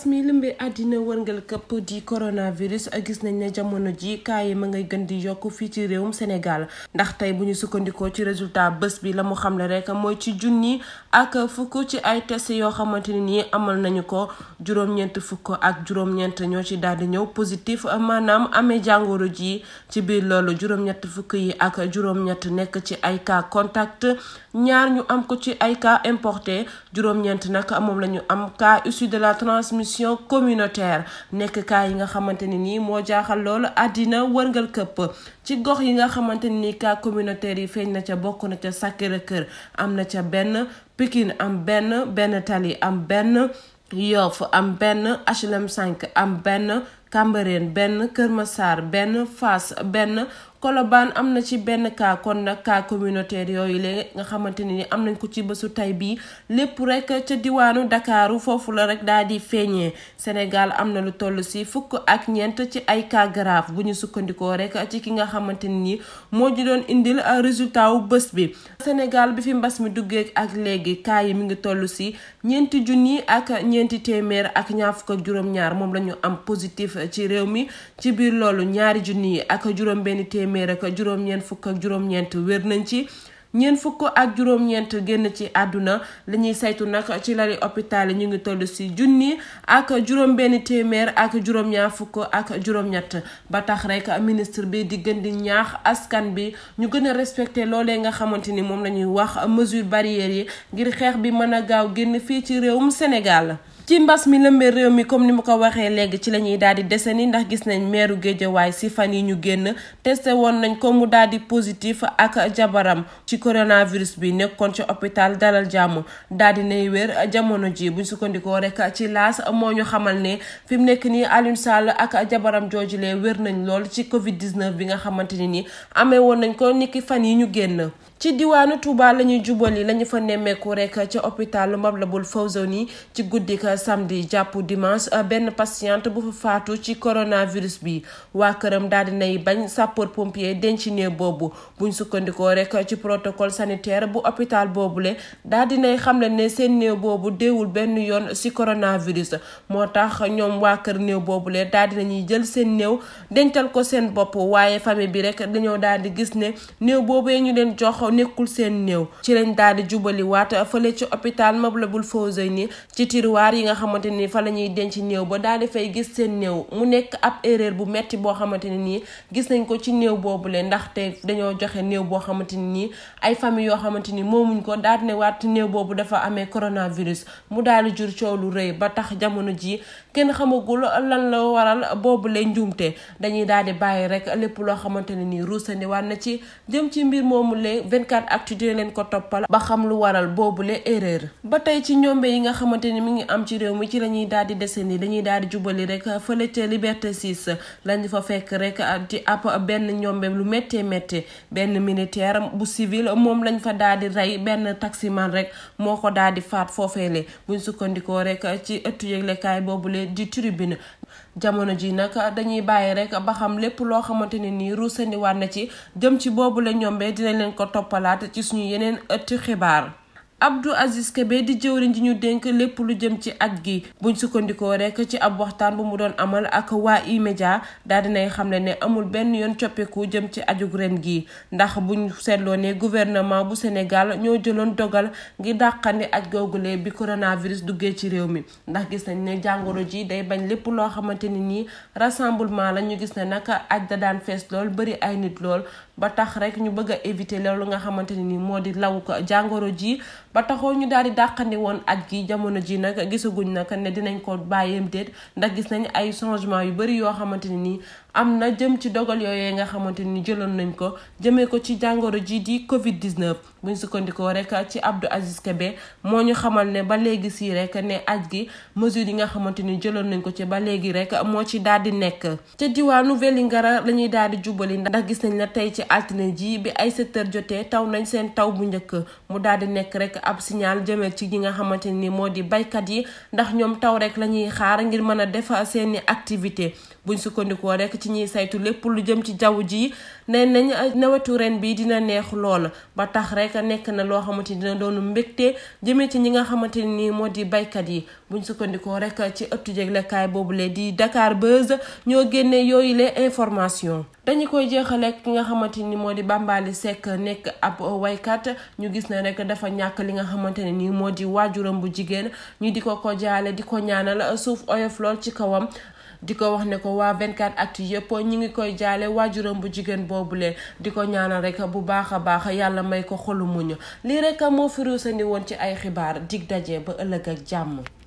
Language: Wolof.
mbas mi lëmbee àddina wërngal këpp di coronavirus gis nañ ne jamono ji kaay yi ma ngay gën di yokk fii ci réewum Sénégal ndax tey bu ñu sukkandikoo ci résultat bés bi la mu xamle rek mooy ci junni ak fukk ci ay test yoo xamante ne nii amal nañu ko juróom-ñeent fukk ak juróom-ñeent ñoo ci daal di ñëw positif maanaam amee jàngoro ji ci biir loolu juróom-ñett fukk yi ak juróom-ñett nekk ci ay cas contact ñaar ñu am ko ci ay cas importé juróom-ñeent nag transmission communautaire nekk kaa yi nga xamante ne nii moo jaaxal loolu àddina wërngal këpp ci gox yi nga xamante ni nii kaa communautaire yi feeñ na ca bokk na ca sacré kër am na ca benn pikin am benn benn tali am benn Yoff am benn HLM 5 am benn Cambérène benn Kër Massar benn faas benn Colobane am na ci benn kaa kon nag cas communautaire yooyu la nga xamante ne ni am nañ ko ci bësu tey bii lépp rek ca diwaanu Dakaaru foofu la rek daal di feeñee Sénégal am na lu toll si fukk ak ñeent ci ay cas grave bu ñu sukkandikoo rek ci ki nga xamante ne ni moo ji doon indil résultat bës bés bi. Sénégal bi fi mbas mi duggee ak léegi cas yi mi ngi toll si ñeenti junni ak ñeenti téeméer ak ñaar fukk ak juróom-ñaar moom lañu am positif ci réew mi ci biir loolu ñaari junni ak juróom téeméer ak juróom-ñeent fukk ak juróom-ñeent nañ ci ñeent fukk ak juróom génn ci àdduna li saytu nag ci lali hôpital yi ñu ngi toll si junni ak juróom benn téeméer ak juróom-ñaar fukk ak juróom-ñett ba tax rek ministre bi di gën di ñaax askan bi ñu gën a respecté loolee nga xamante ni moom la ñuy wax mesure barrière yi ngir xeex bi mën a gaaw génn fii ci réewum Sénégal. ci mbas mi lëmbee réew mi comme ni ma ko waxee léegi ci la ñuy daal di ndax gis nañ meeru Géejawaay si fan yi ñu génn testé woon nañ ko mu daal di positif ak jabaram ci coronavirus bi nekkoon ci hôpital dalal jàmm daal di nay wér jamono ji buñ sukkandikoo rek ci laas moo ñu xamal ne fi mu nekk nii Alioune Sall ak jabaram joojulee wér nañ lool ci Covid 19 bi nga xamante ni nii amee woon nañ ko niki fan yi ñu génn. ci diwaanu Touba la ñuy jubali la ñu fa nemmeeku rek ca hôpital Matlabul Fawzayni ci guddi guddik samedi jàpp dimanche euh, benn patiente bu fa faatu ci coronavirus bi waa këram daal di nay bañ sapeur pompier denc ne boobu buñ sukkandikoo rek ci protocole sanitaire bu hôpital boobule daal di nay xamle ne seen néew boobu deewul benn yoon si coronavirus moo tax ñoom waa kër néew boobule daal di nañuy jël seen néew dencal ko seen bopp waaye famille bi rek dañoo daal di gis ne néew boobu ñu leen jox. ko nekkul seen néew ci lañ daal di jubaliwaat fële ci hôpital Matlabul Fawzayni ci tiroir yi nga xamante nii fa la ñuy denc néew ba daal di fay gis seen néew mu nekk ab erreur bu metti boo xamante ne nii gis nañ ko ci néew boobule ndaxte dañoo joxe néew boo xamante ni nii ay famille yoo xamante ni moomuñ ko daal di ne waat néew boobu dafa amee coronavirus mu daal di jur coow lu rëy ba tax jamono ji kenn xamagul lan la waral boobu boobule njuumte dañuy daal di bàyyi rek lépp loo xamante ne nii ruusandi waat na ci jëm ci mbir 24 actu dina leen ko toppal ba xam lu waral boobule erreur ba tey ci ñombe yi nga xamante ni mi ngi am ci réew mi ci la ñuy daal di desandi dañuy daal di jubali rek fële ca Liberté 6 lañ fa fekk rek ci ab benn ñombe lu méttee méttee benn militaire bu civil moom lañ fa daal di rey benn taximan rek moo ko daal di faat foofeele buñ sukkandikoo rek ci ëttu yëglekaay boobule di tribune jamono ji nag dañuy bàyyi rek ba xam lépp loo xamante ne nii ruusandiwaat na ci jëm ci boobu la ñombee dinañ leen ko toppalaate ci suñu yeneen ëtt xibaar Abdou Aziz Kébé di jëwriñ ji ñu dénk lépp lu jëm ci at gi buñ sukkandikoo rek ci ab waxtaan bu mu doon amal ak waa E-Media daal dinay xamle ne amul benn yoon coppeeku jëm ci ajug ren gi ndax buñ seetloo ne gouvernement bu Sénégal ñoo jëloon dogal ngir dàqandi aj googule bi coronavirus duggee ci réew mi ndax gis nañ ne jàngoro ji day bañ lépp loo xamante ni nii rassemblement la ñu gis ne nag aj da daan fees lool bëri ay nit lool ba tax rek ñu bëgg a éviter loolu nga xamante ni nii moo di law ko jàngoro ji ba taxoo ñu daal di dàqandi woon at gi jamono ji nag gisaguñ nag ne dinañ ko bàyyeem déet ndax gis nañ ay changement yu bëri yoo xamante ne nii am na jëm ci dogal yooyee nga xamante ni jëloon nañ ko jëmee ko ci jàngoro ji di Covid 19 buñ sukkandikoo rek ci Abdou Aziz Kébé moo ñu xamal ne ba léegi sii rek ne aj gi mesure yi nga xamante ni jëloon nañ ko ci ba léegi rek moo ci daal di nekk. ca diwaanu Vélingara la ñuy daal di jubali ndax gis nañ la tey ci altine ji bi ay secteur jotee taw nañ seen taw bu njëkk mu daal di nekk rek ab signal jëmee ci ñi nga xamante nii moo di baykat yi ndax ñoom taw rek la ñuy xaar ngir mën a def seeni activité buñ sukkandikoo rek ci ñuy saytu lépp lu jëm ci jaww ji nee nañ nawetu ren bi dina neex lool ba tax rek nekk na loo xamante ni dina doonu mbégte jëmee ci ñi nga xamante nii moo di baykat yi buñ sukkandikoo rek ci ëttu boobu boobule di dakaar Buzz ñoo génne yooyu les informations dañu koy jeexal ak ki nga xamante ni moo di Bambaly sekk nekk ab woykat ñu gis ne rek dafa ñàkk li nga xamante ne nii moo di waajuram bu jigéen ñu di ko ko jaale di ko ñaanal suuf oyof lool ci kawam di ko wax ne ko waa 24 actu yëpp ñi ngi koy jaale waajuram bu jigéen boobulee di ko ñaanal rek bu baax a baax yàlla may ko xolu muñu lii rek moo fi ruusandi woon ci ay xibaar dig daje ba ëllëg ak jàmm